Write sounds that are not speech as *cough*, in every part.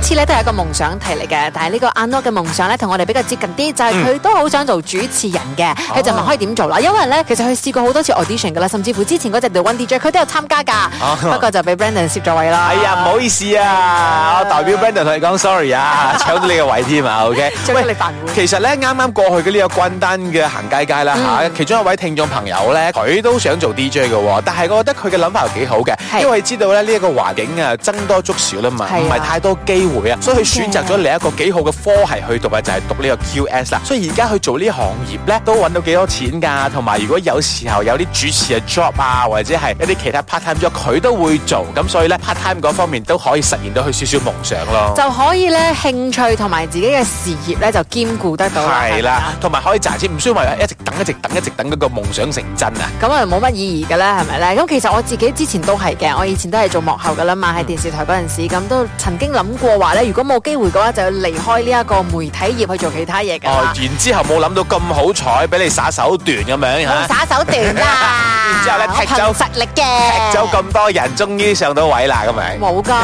次咧，都係一個夢想題嚟嘅，但係呢個 Anno 嘅夢想咧同我哋比較接近啲，就係、是、佢都好想做主持人嘅，佢、嗯、就問可以點做啦。因為咧，其實佢試過好多次 audition 噶啦，甚至乎之前嗰隻 The One DJ 佢都有參加噶，啊、不過就俾 Brandon 佔咗位啦。哎呀，唔好意思啊，我代表 Brandon 同你講 sorry 啊，搶咗你嘅位添啊。OK， *laughs* 你煩喂，其實咧啱啱過去嘅呢個關丹嘅行街街啦吓，嗯、其中一位聽眾朋友咧，佢都想做 DJ 嘅，但係我覺得佢嘅諗法又幾好嘅，因為知道咧呢一、這個環境啊，僧多粥少啦嘛，唔係、啊、太多機。會啊，所以佢選擇咗另一個幾好嘅科系去讀嘅就係、是，讀呢個 QS 啦。所以而家去做呢行業咧，都揾到幾多錢噶、啊。同埋如果有時候有啲主持嘅 job 啊，或者係一啲其他 part time job，佢都會做。咁所以咧 part time 嗰方面都可以實現到佢少少夢想咯，就可以咧興趣同埋自己嘅事業咧就兼顧得到是啦。係啦、嗯，同埋可以賺錢，唔需要話一直等、一直等、一直等嗰個夢想成真啊。咁啊冇乜意義噶啦，係咪咧？咁其實我自己之前都係嘅，我以前都係做幕後噶啦嘛，喺電視台嗰陣時咁、嗯、都曾經諗過，話咧，如果冇機會嘅話，就要離開呢一個媒體業去做其他嘢噶啦。然之後冇諗到咁好彩，俾你耍手段咁樣吓。唔耍手段啊！然之後咧踢走實力嘅，踢走咁多人，終於上到位啦咁樣。冇噶，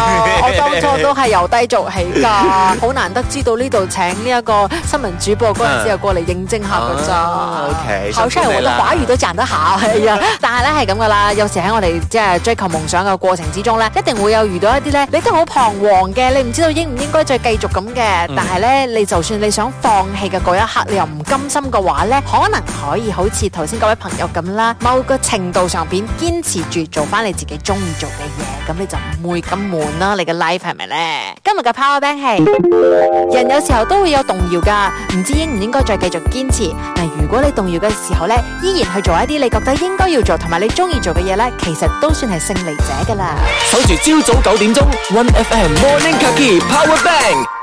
我當初都係由低做起噶，好難得知道呢度請呢一個新聞主播嗰陣時又過嚟應徵下噶咋。OK，好彩我都華語都賺得下，哎呀！但係咧係咁噶啦，有時喺我哋即係追求夢想嘅過程之中咧，一定會有遇到一啲咧，你都好彷徨嘅，你唔知。都應唔應該再繼續咁嘅？嗯、但係咧，你就算你想放棄嘅嗰一刻，你又唔甘心嘅話咧，可能可以好似頭先嗰位朋友咁啦，某個程度上邊堅持住做翻你自己中意做嘅嘢。咁你就唔會咁悶啦，你嘅 life 係咪咧？今日嘅 Power Bank 係，人有時候都會有動搖噶，唔知應唔應該再繼續堅持。但，如果你動搖嘅時候咧，依然去做一啲你覺得應該要做同埋你中意做嘅嘢咧，其實都算係勝利者噶啦。守住朝早九點鐘，One FM Morning Kaki Power Bank。